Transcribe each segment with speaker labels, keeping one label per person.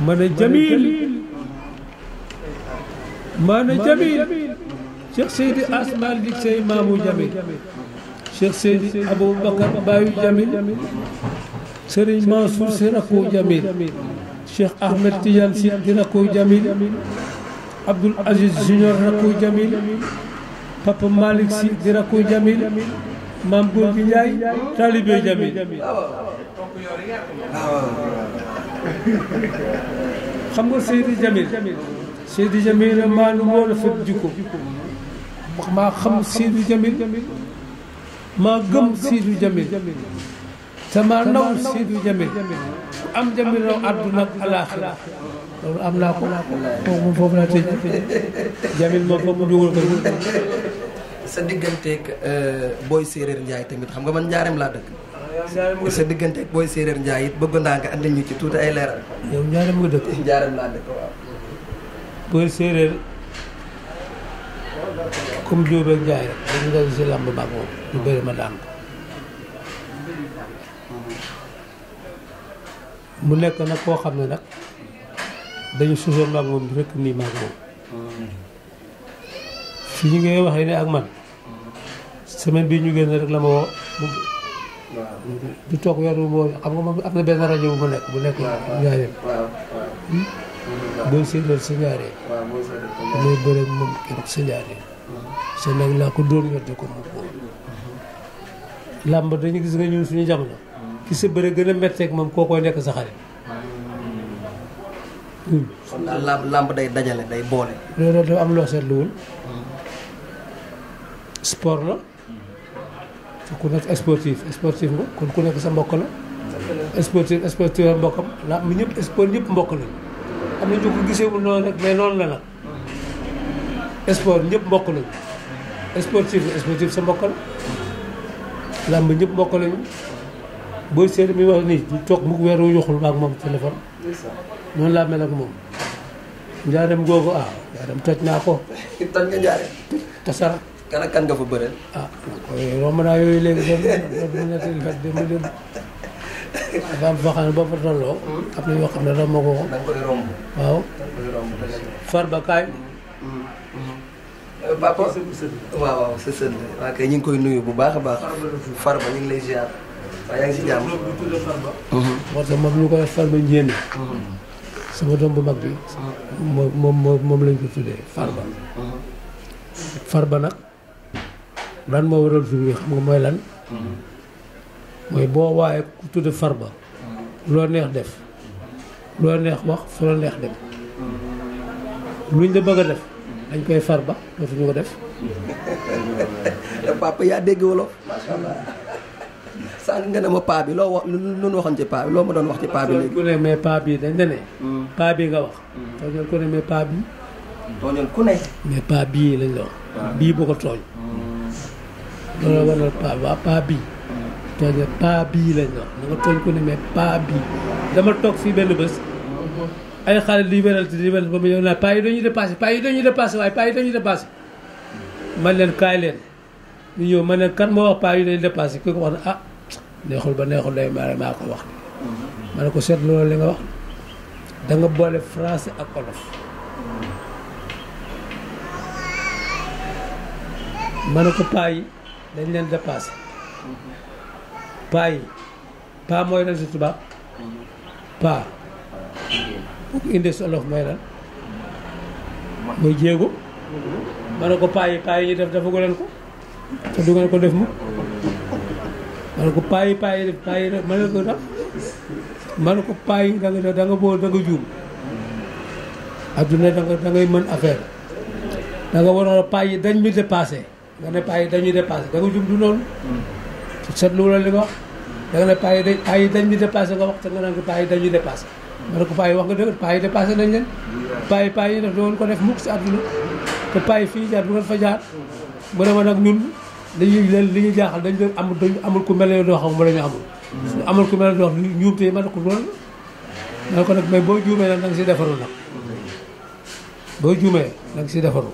Speaker 1: ma ne Jamil Seydi Asmaal di say maamu Jamil Cheikh Seydi Aboubacar baayu Jamil Serigne Mansour si rakku Jamil Cheikh Ahmed Tidiane si di rakku Jamil Abdoul Aziz Junior rakku Jamil Papa Malick si di rakku Jamil Maam Gorgui taalibe Jamil ah, xam nga Seydi Jamil Seydi Jamil maa lu moo rafet jikko maa xam Seydi Jamil maa gëm Seydi Jamil te naw Seydi Jamil am Jamil raw àdduna
Speaker 2: ak alaaxira
Speaker 1: loolu am naa ko moom moom foofu laa tëj
Speaker 2: Jamil moom foofu mu jógal ko sa digganteeg euh, Boy Séeréer Ndiaye tamit xam nga man ñaareem laa dëkk sa diggante ak booy séeréer Ndiaye it bëgg naa nga ñu ci tuuti ay leeral. yow njaaram nga dëkk. njaaram laa dëkk waaw. booy séeréer
Speaker 1: comme Diop ak Ndiaye rek dañu si làmb baax moom lu bëri ma daan ko. mu nekk nag koo xam ne nag dañu suusoon maag moom rek nii maag moom fi ñu ngay waxee ne ak man semaine bii ñu génn rek la ma woo du toog weer wu boobu xam nga moom am na benn rajo bu fa nekk bu nekk. ñaareel. Hmm? booy séeréer sa ñaareel. mooy bëre moom keroog
Speaker 2: mm-hmm.
Speaker 1: ko dóor mm-hmm. làmb dañu gis nga ñun suñu jamono. Mm-hmm. ki sa bëre gën a métteeg moom koo koy nekk sa xarit.
Speaker 2: Mm. làmb day dajale day boole.
Speaker 1: loolu dafa am loo seetluwul. sport la. ku nekk sportif sportif nga kon ku nekk sa mbokk la. sportif sportif la mbokkam la ñëpp sport ñëpp mbokk la am na ñu ko gisee la sport ñëpp mbokk lañu sportif sportif sa mbokk la làmb ñëpp mbokk lañu booy seet mi wax nii toog mu weer wu yoxul maag moom téléphone noonu laa mel ak moom njaareem googu ah njaareem toj naa ko
Speaker 2: tasara kan ak kan nga fa bëreel. ah romb naa yooyu
Speaker 1: léegi dootuma nettali fat bi dem dafa am foo xam ne hmm? da nga koy waaw. da nga koy
Speaker 2: romb Farba kaay. Hmm, hmm, papa waaw ñu ngi koy nuyu bu baax a baax. Farba ñu ñu
Speaker 1: koy Farba Ndiémé. sama doom bu mag bi. moom moom moom lañ ko tuddee Farba. Farba nag. lan moo waral jour mooy lan mm-hmm. mooy boo waaye ku tudd Farba mm-hmm. loo neex def loo neex wax fu neex dem mm-hmm. luñ la bëgg a def dañ koy Farba dootuñu ko def
Speaker 2: papa yaa dégg wolof macha allah nga ne ma paa bi loo wax lu nu waxoon ci loo ma doon wax ci paa bi léegi
Speaker 1: mais paa bi dañ de ne paa bi nga wax tooñal ku ne mais paa bi tooñal ku ne mais bii la wax bii bu ko tooñ loolu waral bii tooñe paa bii lañ wax na nga tooñ ko dama toog fii benn bés ay xale di werante di werante paa yi dañuy dépassé paa yi dañuy dépassé waaye paa yi dañuy dépassé man leen kaay leen ñu ñëw man leen kan paa yi dañuy dépassé ko wax ne ah, neexul ba neexul day maa ko wax ma ne ko seet loolu li nga wax boole français ak olof ma ne ko paa yi dañ leen dépassé paa paa mooy lan si tubaab paa bu ko indee si olof mooy lan mooy jéego ma ne ko paa yi paa yi ñu def defagu leen ko te du ngeen ko def mu ma ne ko paa yi paa yi yi def ma ne ko def ma ne ko paa yi da nga da nga boo da nga juum adduna da nga ngay mën affaire danga nga waroon yi dañ ñu dépassé nga ne paa yi dañuy dépassé da nga jum du noonu. seetlu la li nga wax da nga ne paa yi dañ paa dañ di dépassé nga wax te nga naan ko paa yi dañuy dépassé. ma ne ko paa yi wax nga dëgg paa yi nañ leen. paa yi paa yi daf doon ko def mukk si àdduna te paa yi fii jaar du ngeen fa jaar. mu ne ma nag ñun dañuy leen li ñuy jaaxal dañ leen amul dañu amul ku mel ne doo xam ma la ñu amul. amul ku mel ne doo xam ñuum tey ma ne ko loolu. ma ne ko nag mais boo juumee nag da nga siy defaru nag boo siy defaru.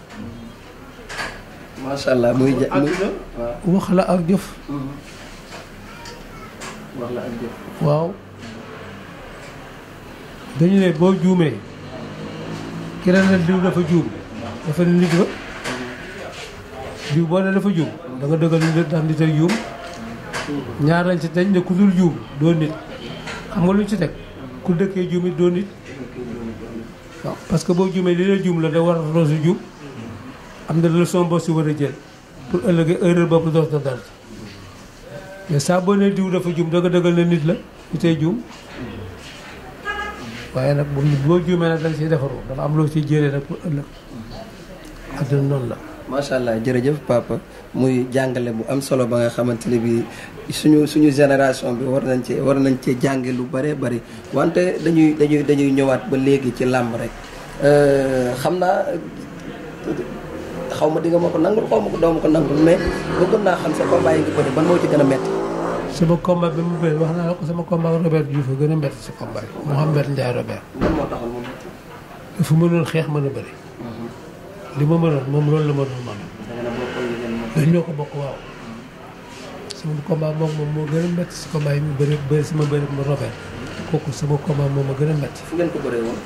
Speaker 2: macha allah muy ja muy
Speaker 1: wax la ak jëf. Mm-hmm. waaw. dañu ne boo juumee. ki la ne diw dafa juum. dafa ne nit la. Mm-hmm. diw boo ne dafa juum. da nga dëggal nit ndax nit ay juum. Mm-hmm. ñaar lañ ci dañ ne ku dul juum doo nit. xam nga lu ci teg. ku dëkkee juum it doo nit. waaw que boo juumee li la juum la da war a roose juum. am na leçon boo si war a jël pour ëllëgee erreur boobu dootoo dal mais saa boo nee diw dafa juum dëgg-dëggal na nit la ñu tey juum waaye nag bu boo juumee nag da nga siy dafa am loo siy jëlee nag pour ëllëg adduna noonu
Speaker 2: la. macha allah jërëjëf papa muy jàngale bu am solo ba nga xamante ne bii suñu suñu génération bi war nañ cee war nañ cee jàngee lu bare bari wante dañuy dañuy dañuy ñëwaat ba léegi ci làmb rek euh, xam naa. xaw ma di nga ma ko nangul xaw ma ko doo ko nangul mais bëggoon naa xam sa combat yi nga gën a métti
Speaker 1: sama ko sama combat xeex mën a bëri mhm. li ma mënoon sama bëri mu Robert kooku sama combat moom a gën a métti fu
Speaker 2: ngeen ko bëree woon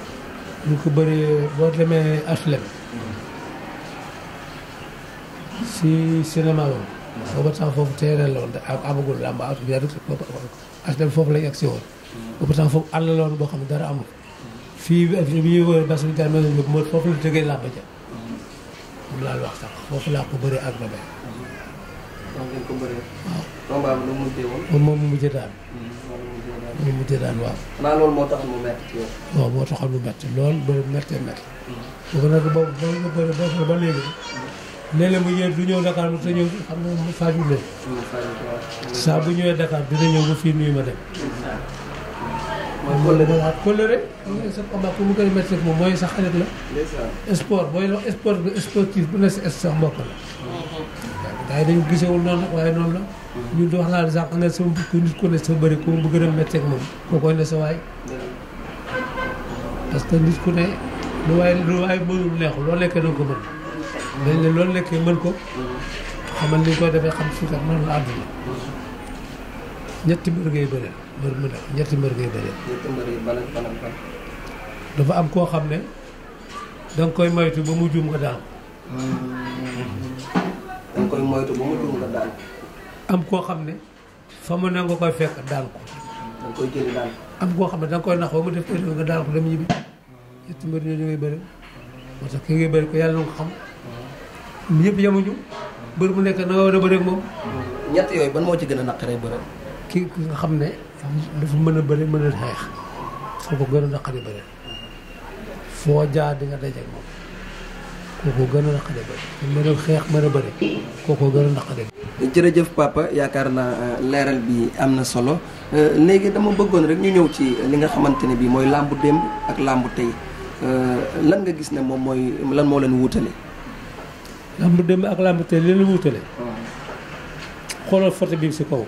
Speaker 1: ñu ko bëree boo si cinéma moom. booba temps foofu teere loon de amagul làmb HLM foofu lañ egsi woon. booba temps foofu àll loon boo xam ne dara amul. fii bi ñuy wër bas bi jàmm nañu ko foofu la tëggee làmb ja. moom laa wax sax foofu laa ko bëree ak Robert.
Speaker 2: donc ngeen ko bëree. waaw combat bi nu mu mujjee woon. moom mu hmm, mujjee daan. mu mujjee daan waaw. xanaa loolu moo taxoon mu métti ci yow. waaw moo
Speaker 1: taxoon mu métti lool bëri méttee métti. bu ko defee boobu ba léegi. léeg-léeg mu ñëw du ñëw Dakar mu te ñëw xam nga mu faju leen saa bu ñëwee Dakar dina ñëw ba fii nuyu ma dem sa combat moom mooy sa xarit la sport booy la sport bu ne sa sa mbokk la gaa yi dañu gisewul noonu waaye noonu la mm-hmm. ñu dox naa sànq ne sama ku nit ku ne sa bëri ku mu bëgg a mettre moom koo koy ne sa waay parce que nit ku ne lu waay lu waay mënul neexul loo lekk noonu ko mën dañ ne loolu lekkee mën ko xamal ni ko defee xam suukar mën la àdduna ñetti mbër ngay bëre mbër mu nekk ñetti mbër ngay bëre dafa am koo xam ne danga koy moytu ba mu juum nga daan
Speaker 2: mm-hmm. danga koy moytu
Speaker 1: ba koo xam ne fa mu ne nga koy
Speaker 2: fekk daan ko danga
Speaker 1: am koo xam ne danga koy nax ba mu def erreur nga daan ko dem ñibbi ñetti mbër ñooñu ngay bëre moo tax ki ngay bëre ko yàlla na nga xam
Speaker 2: yëpp ñëpp yemuñu bër bu nekk na nga war moom. ñett yooyu ban moo ci gën a naqaree bëre.
Speaker 1: kii nga xam ne dafa mën a bëre mën a xeex foo gën a naqaree bëre foo jaar di nga gën a naqaree bëre mën a xeex mën a bëre kooku gën a
Speaker 2: jërëjëf papa yaakaar na euh, leeral bi am na solo euh, léegi dama bëggoon rek ñu ñëw ci li nga xamante ne bii mooy làmbu démb ak làmbu tey euh, lan nga gis ne moom mooy lan moo leen wutale
Speaker 1: lamb démb ak lamb tey leen la wutale xoolal photo bi si kaw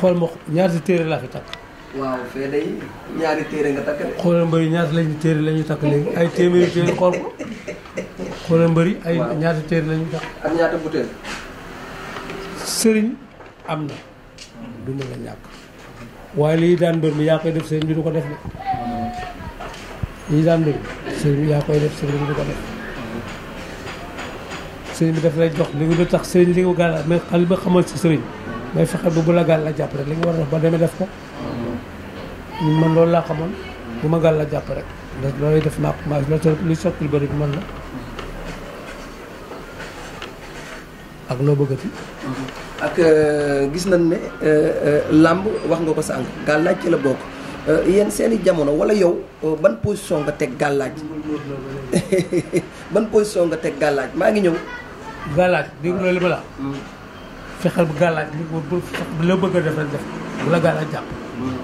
Speaker 1: xool ma ñaari téere laa fi takk
Speaker 2: ñaari téere nga takk de
Speaker 1: xoolal mbëri ñaari lañu téere lañu takk léegi ay téeméeri téere xool ko xoolal mbëri ay ñaari téere lañu takk ak sëriñ am na du mën a ñàkk waaye lii daan mbër mi yaa koy def sëriñ bi du ko def de lii daan mbër mi sëriñ yaa koy def sëriñ bi du ko def sëriñ bi daf lay jox li nga lu tax sëriñ li nga gàll mais xal xamoon si sëriñ may fexe ba bu la gàll la jàpp rek li nga war a def ba demee def ko ñun man laa xamoon bu ma gàll la jàpp rek loolu def naa maa loolu li sottil bëri bi man la ak loo bëggati
Speaker 2: ak euh, gis nañ ne euh, euh, làmb wax nga ko sànq gàllaaj ci la bokk yéen seeni jamono wala yow ban position nga teg gàllaaj ban position nga teg gàllaaj maa ngi ñëw gàllaaj dégg nga li ma la fexeel bu gàllaaj li bu bëgg a def rek def bu la gàllaaj jàpp mm.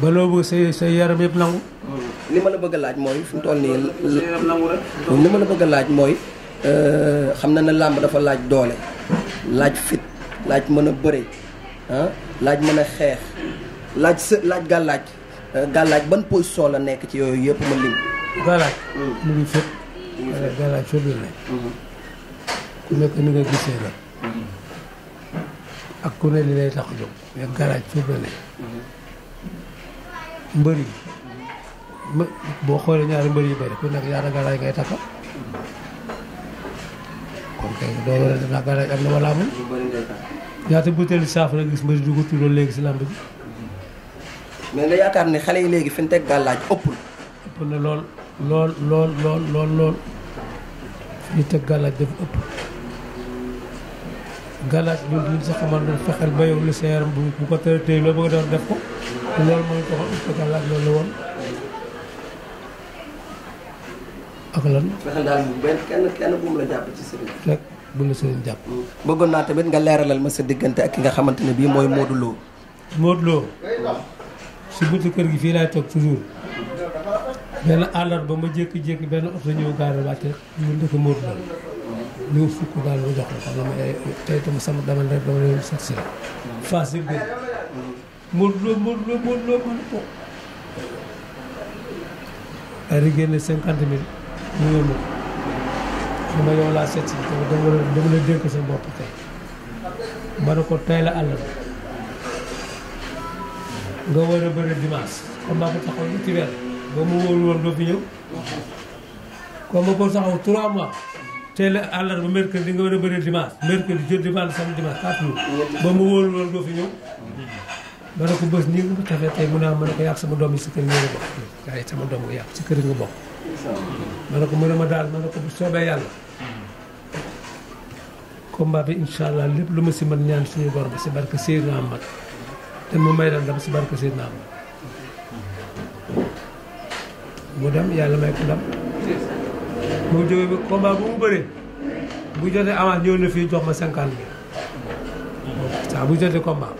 Speaker 1: ba loo bëgg say yaram yëpp
Speaker 2: nangu mm. li ma la bëgg a laaj mooy fi toll nii li ma la bëgg a laaj mooy euh, xam na na làmb dafa laaj doole laaj fit laaj mën a bëre ah, laaj mën a xeex laaj së laaj gàllaaj euh, gàllaaj ban sol a nekk ci yooyu yëpp ma lim gàllaaj mm.
Speaker 1: mu ngi fépp gàllaaj fépp la nekk mm-hmm. ku nekk ni nga gisee la ak ku ne li lay tax jóg mais garaaj fépp la ne mbër yi boo xoolee ñaari mbër yu bëri ku nekk ñaari garaaj ngay takka
Speaker 2: kon kay doo war a def naa am na wala amul
Speaker 1: ñaata butéeli saafara gis mbër du ko tuddoo léegi si lamb bi
Speaker 2: mais nga yaakaar ne xale yi léegi fi ñu teg gàllaaj ëppul ëpp na lool lool lool lool lool lool fi ñu
Speaker 1: teg gàllaaj dafa ëpp galaaj ñun duñ sa xamal ne fexeel ba yow li bu bu ko tëra tëy loolu bëgg a def ko
Speaker 2: loolu mooy taxoon ut ko galaaj loolu la woon ak lan. fexeel daal mu jàpp ci sëriñ rek bu la jàpp. Mm. bëggoon naa tamit nga leeralal ma sa diggante ak ki nga xamante ne bii mooy Modou Lo.
Speaker 1: Modou Lo si buntu kër gi fii laay toog toujours benn àllarba ma jékki-jékki benn oto ñëw gaare wàcce ñu dëkk Modou Lo. lu fukk baal ma jox la ko dama lay eh, eh, tey itam sama dama lay dama lay sant si la. Fass yëpp benn. Modou Lo Modou Lo Modou Lo mën ko. ay di génne cinquante mille mu yóbbu ko dama yow laa seet si dama la dama la dénk sa bopp tey ma ne ko tey la àll bi nga war a bëri dimanche comme maa ko taxaw ñetti weer ba mu wóorul woon doo fi ñëw comme ma ko taxaw trois mois. teel a àllarba mercredi nga war a bëri dimanche mercredi jeudi vendredi samedi dimanche quatre jours ba mu wóolu loolu doo fi ñëw ma ne ko bés nii nga tafee tey mu naa ah, ma ne ko yàq si kër nga nga bokk ma ne ko mu ne ma daal ma ne ko bu soobee yàlla combat bi incha lépp lu ma si mën ñaan suñu borom si barke Seydina Amad te mu may dal dam si barke Seydina Amad mu dem yàlla may ko bu mu jógee combat bu mu bëree bu jotee avance ñëw na fii jox ma cinquante mille saa bu jotee combat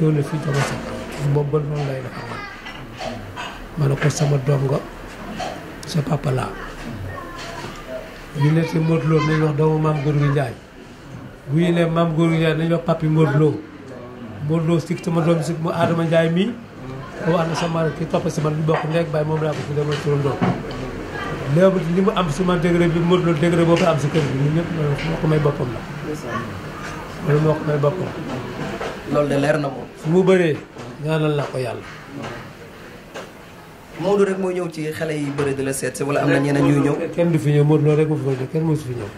Speaker 1: ñëw na fii jox ma cinquante moom bon noonu lay def man ma ko sama doom nga sa papa laa ñu ne si Modou Lo nañu wax doomu maam Gorgui Ndiaye bu ñu ne maam Gorgui Ndiaye nañu wax papi Modou Lo Modou Lo sikk sama doom sikk mu Adama Ndiaye mii boo wax na sama ki topp si man lu bokk nekk bàyyi moom laa ko fi demal turandoom léegi li mu am suma degré bi Modou Lo degré boo ko am si kër gi ñun ñëpp moo ko may boppam la. loolu moo ko may boppam.
Speaker 2: loolu de leer na moom. su mu bëree ñaanal naa ko yàlla. Modou rek moo ñëw ci xale yi bëri di la seet si wala am na ñeneen ñuy ñëw.
Speaker 1: kenn du fi ñëw Modou Lo rek mu fi ñëw fi ñëw.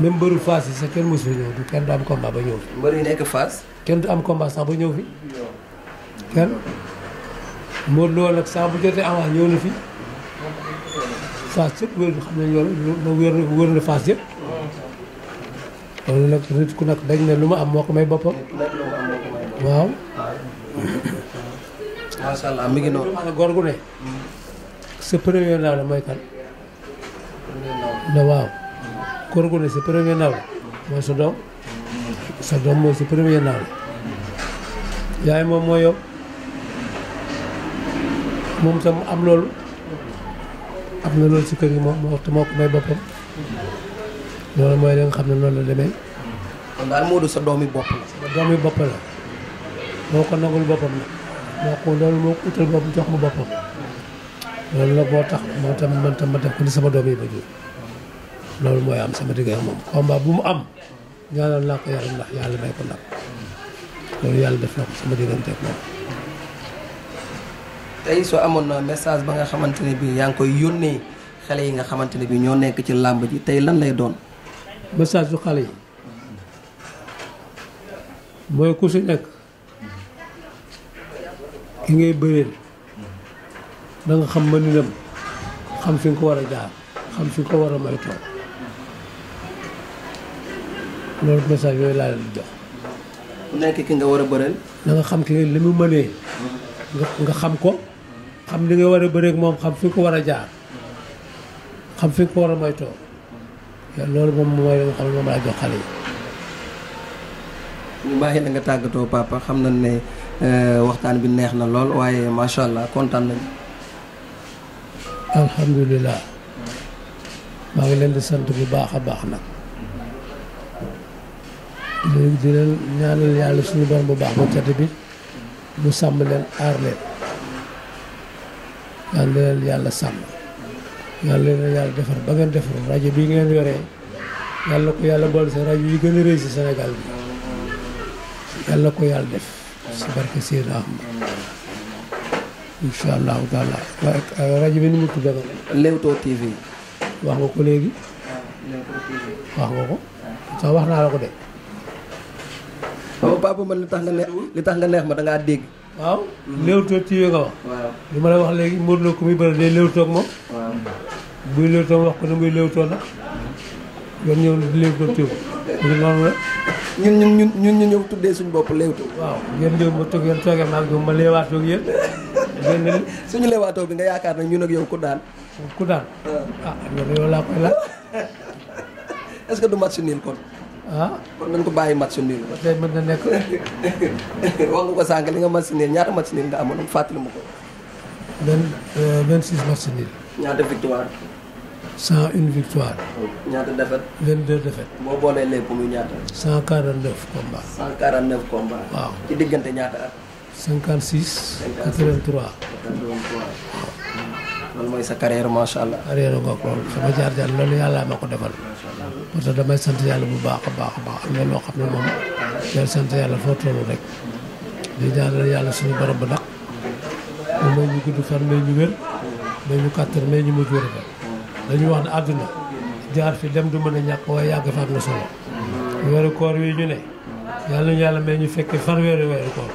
Speaker 1: même bëru faas yi sax kenn mosu fi du am combat ba ñëw fi.
Speaker 2: mbër yi nekk Fass.
Speaker 1: kenn du am combat sax ba ñëw fi. kenn Modou Lo nag sax bu jotee avance ñëw na fi. Fass yëpp wér xam ne loolu wér na Fass yëpp loolu nag nit ku nag dañ ne lu ma am moo ko may boppam waaw macha allah mi ngi noonu ma gu ne sa premier naaw la mooy sa doom sa doom mooy sa premier naaw la yaay moom moo yow moom tam am loolu am na loolu si kër yi moom moo te moo ko may boppam loolu mooy li xam ne noonu la demee.
Speaker 2: kon daal sa doomi bopp la. sa doomi
Speaker 1: moo ko nangul boppam la moo ko loolu moo ko utal boppam jox ma boppam loolu nag moo tax moo tam man tam ma def ko ni sama doom yi ba jur loolu mooy am sama digg ak moom combat bu mu am ñaanal naa ko yàlla ndax yàlla may ko ndax loolu yàlla def na sama diggante moom.
Speaker 2: tey soo amoon na message ba nga xamante ne bii yaa ngi koy yónnee xale yi nga xamante ne bii ñoo nekk ci làmb ji tey lan lay doon. message su xale yi
Speaker 1: mooy ku si nekk ki ngay bëreel da nga xam mëninam xam fi nga ko war a jaar xam fi nga ko war a moytoo loolu message yooyu laa leen di jox.
Speaker 2: ku nekk ki nga war a bëreel.
Speaker 1: da nga xam ki li mu mënee nga xam ko. xam li ngay war a bëreeg moom xam fi ko war a jaar xam fi ko war a moytoo loolu moom mooy li nga xam ne moom jox xale yi.
Speaker 2: ñu bàyyi la nga tàggatoo papa xam nañ ne euh, waxtaan bi neex na lool waaye macha allah kontaan nañu.
Speaker 1: alhamdulilah maa ngi leen di sant bu baax a baax nag. di leen ñaanal yàlla suñu borom bu baax ba tedd bi mu sàmm leen aar leen. yàlla yàlla sàmm yàlla leen yàlla defar ba ngeen defar rajo bi ngeen yoree yàlla ko yàlla boole sa rajo yi gën a réy si Sénégal bi yàlla ko yàlla def si barke Seydou Ahmad incha allahu taala rajo bi ni mu tudd Leewtoo TV wax nga ko léegi
Speaker 2: wax nga ko sax wax naa la ko de papa man li li tax nga neex ma dangaa dégg waaw léewtoo ci yooyu nga wax. waaw ma la wax
Speaker 1: léegi Modou Lo ku muy bëri day léewtoo moom. waaw buy léewtoo wax ko ne muy léewtoo na di léewtoo ñun ñun ñun ñun ñu ñëw tuddee suñu bopp léewtoo. waaw yéen ñëw ma toog yéen toogee ma ak yow ma léewaatoo ak yéen. suñu
Speaker 2: léewaatoo bi nga yaakaar nag ñun ak yow ku daan. ku daan ah. Ah, yow laa koy laaj. est-ce que du match nul kon. ah kon nañ ko bàyyi match nul tey mën na nekk wax nga ko sànq li nga match nul ñaata match nul nga amoon fàttali ma ko
Speaker 1: vingt euh, vingt six match nul
Speaker 2: ñaata victoire
Speaker 1: cent une victoire
Speaker 2: ñaata défaite vingt deux défaite boo boolee lépp muy ñaata
Speaker 1: cent quarante neuf combats
Speaker 2: cent quarante neuf combats waaw ci diggante ñaata at
Speaker 1: cinquante six quatre vingt trois
Speaker 2: loolu mooy sa carrière macha allah.
Speaker 1: carrière ngoog loolu sama jaar-jaar loolu yàlla ma ko defal. parce que damay sant yàlla bu baax a baax a baax am na loo ne moom. loolu sant yàlla foo toll rek. di ñaanal yàlla suñu borom bu ndax. moom mooy ñu gudd fan may ñu wér. may ñu kàttan may ñu mujj wér dañuy wax ne àdduna. jaar fi dem du mën a ñàkk waaye yàgg fa am na solo. weeru koor wi ñu ne. yàlla ñu yàlla ma ñu fekkee fan weeru weeru koor.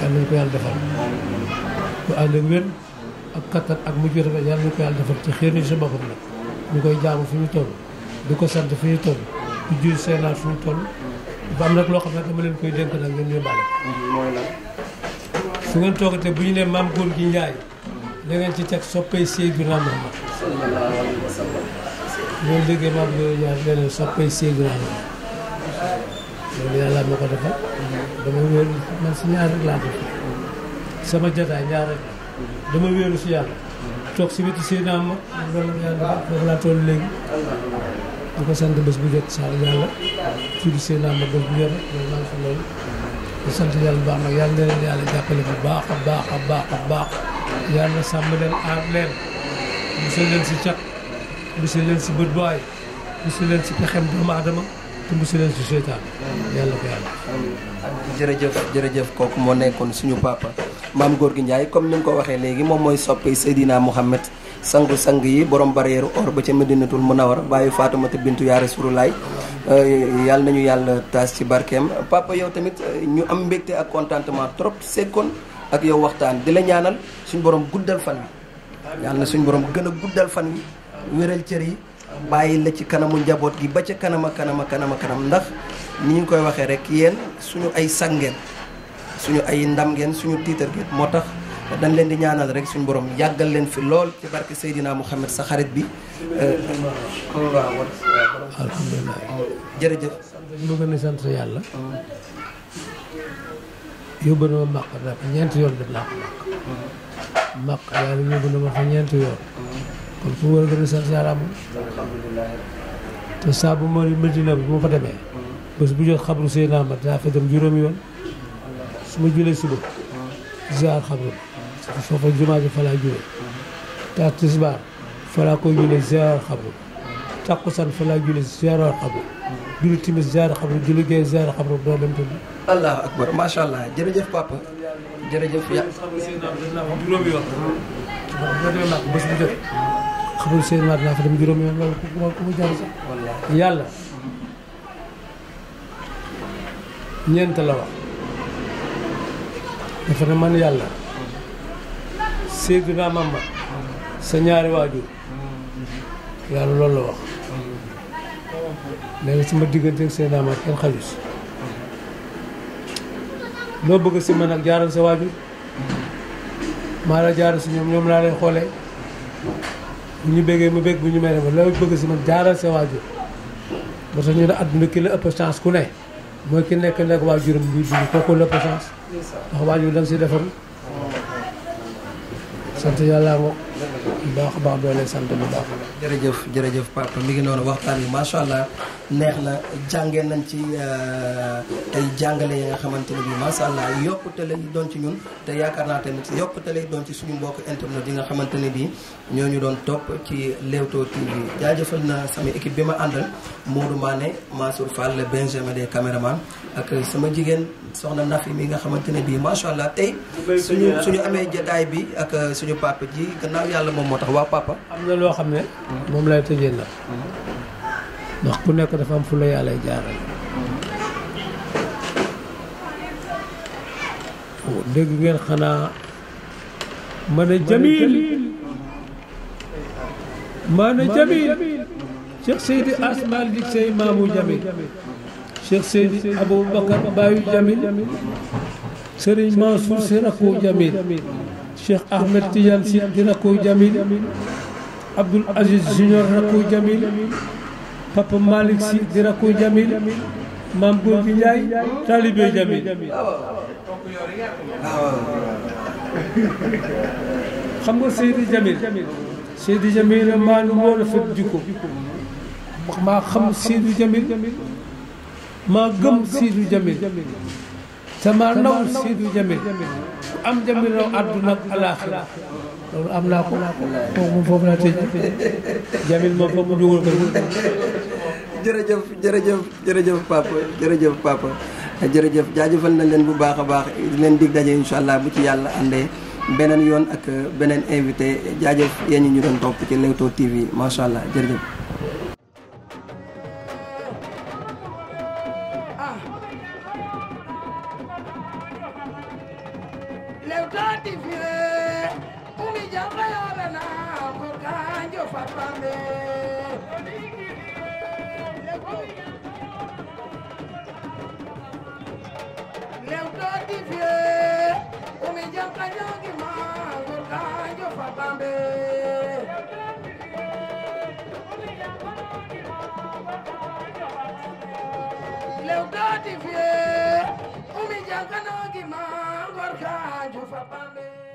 Speaker 1: yàlla nañu ko yàlla defal. ku ànd wér. ak kattan ak mujj rafet yàlla ñu ko yàlla defal ci xéer ni si boppam nag ñu koy jaamu fi ñu toll di ko sant fu ñu toll di jur seenaat fi ñu toll dafa am nag loo xam ne dama leen koy dénk nag ñun ñu bàyyi mooy lan su ngeen toogatee bu ñu ne maam góor gi njaay da ci teg soppay Seydina Muhammad loolu déggee maam góor gi njaay leneen ma ko defal mm-hmm. dama wér man si ñaar rek laa def sama jotaay ñaar rek dama wéeru si yàlla toog si wetu seen am loolu yàlla foofu laa toll léegi di ko sant bés bu jot saa yàlla tudd seen am bés bu yor loolu maa ngi fa loolu di sant yàlla bu baax nag yàlla na leen yàlla jàppale bu baax a baax a baax a baax yàlla sàmm leen aar leen musal leen si cat musal leen si bët baay musal leen si pexem doomu aadama te musal leen si seytaan yàlla ko yàlla
Speaker 2: jërëjëf jërëjëf kooku moo nekkoon suñu papa maam góor gi Ndiaye comme ni nga ko waxee léegi moom mooy soppe Seydina Mouhamed sangu sang yi borom barrière or ba ca Medinatul Munawwara bàyyi Faatumata bintu yaa Rasulullaay euh, yàlla nañu yàlla taas ci barkeem papa yow tamit euh, ñu am mbégte ak contentement trop sekkoon ak yow waxtaan di la ñaanal suñ borom guddal fan wi yàlla na suñu borom gën guddal fan wi wéral cër yi bàyyi la ci kanamu njaboot gi ba ca kanama kanama kanama kanam ndax ni ñu koy waxee rek yéen suñu ay sangeen suñu ay ndam ngeen suñu tiitar ngeen moo tax dañ leen di ñaanal rek suñu boroom yàggal leen fi lool ci barke Seydina Mouhamed sa xarit bi. alhamdulilah.
Speaker 1: jërëjëf. ñu gën yóbbu na ma màq dafa ñeenti yoon def naa ko
Speaker 2: màq.
Speaker 1: màq yàlla yóbbu na ma fa ñeenti yoon. kon fu war a gën a sant yàlla amul. te saa bu ma Madina bu ma fa demee. bés bu jot xabru Seydina ma daa fa dem juróomi yoon. su ma julee suba ah. ziar xabru foofa jumaa bi fa julee ah. ta tisbaar fa laa koy julee ziar xabru ah. takkusaan fa laa julee ziar xabru julli xabru doo dem tëdd
Speaker 2: ko bés bu jot
Speaker 1: xabru seen maat naa fa dem yàlla ñeent la wax dafa ne man yàlla Seydina Mamad sa ñaari waajur yàlla loolu la wax léegi sama diggante ak Seydina Mamad kenn xajus loo bëgg si mën ak jaaral sa waajur maa la jaaral si ñoom ñoom laa lay xoolee bu ñu bëggee mu bégg bu ñu meree ma loo bëgg si man jaaral sa waajur ba tax ñu ne àdduna kilo la ëpp chance ku ne mooy ki nekk nag waajuram bi dund kooku lépp a chance ndax waajur da nga si defal oh.
Speaker 2: sant yàlla ngoog bu baax a baax doole sant bu baax jërëjëf jërëjëf mi ngi noonu waxtaan bi macha allah neex na jàngee nañ ci ay euh, jàngale yi nga xamante ne bii macha allah yokkute lay doon ñun te yaakaar naa tamit yokkute lay doon ci suñu mbokk internet yi xamante ne bii ñoo ñu doon topp ci Leewtoo TV jaajëfal na sama équipe bi ma àndal Modou Mané Mansour Fall Benjamin des caméramans ak sama jigéen soxna Nafi mi nga xamante ne bii macha allah tey suñu suñu amee jotaay bi ak suñu papa ji gannaaw yàlla moom moo tax waa papa. am na loo xam ne.
Speaker 1: moom lay tëjee nag. ndax ku nekk dafa am fu la yàlla jaaral. Oh, dégg ngeen xanaa. mën a jamil mën a jamil Cheikh Seydi Asmal di say maamu jamil Cheikh Seydi Aboubacar Bayu jamil Serigne Mansour Sy rakku jamil Cheikh Ahmed Tidiane Sy di rakkooy Jamil Abdoul Aziz Junior rakkooy Jamil Papa Malick Sy di rakkooy Jamil Maam Góor gi Jamil xam nga Jamil Seydi Jamil maa nu moo rafet jikko maa xam Seydi Jamil maa gëm Seydi Jamil sama naw Seydi Jamil am jëmmi raw àdduna ak alaaxira loolu am naa ko moom moom foofu laa tëj
Speaker 2: jamil moom foofu mu dugal ko jërëjëf jërëjëf jërëjëf papa jërëjëf papa jërëjëf jaajëfal nañ leen bu baax a baax di leen dig daje incha allah bu ci yàlla àndee beneen yoon ak beneen invité jaajëf yéen ñi ñu doon topp ci Leewtoo TV macha allah jërëjëf tatifire kuni jamba yalana korkanjo farbande lew tatifire kuni jamba jangima korkanjo farbande lew tatifire
Speaker 1: kuni jamba nangima barka ju fa bambe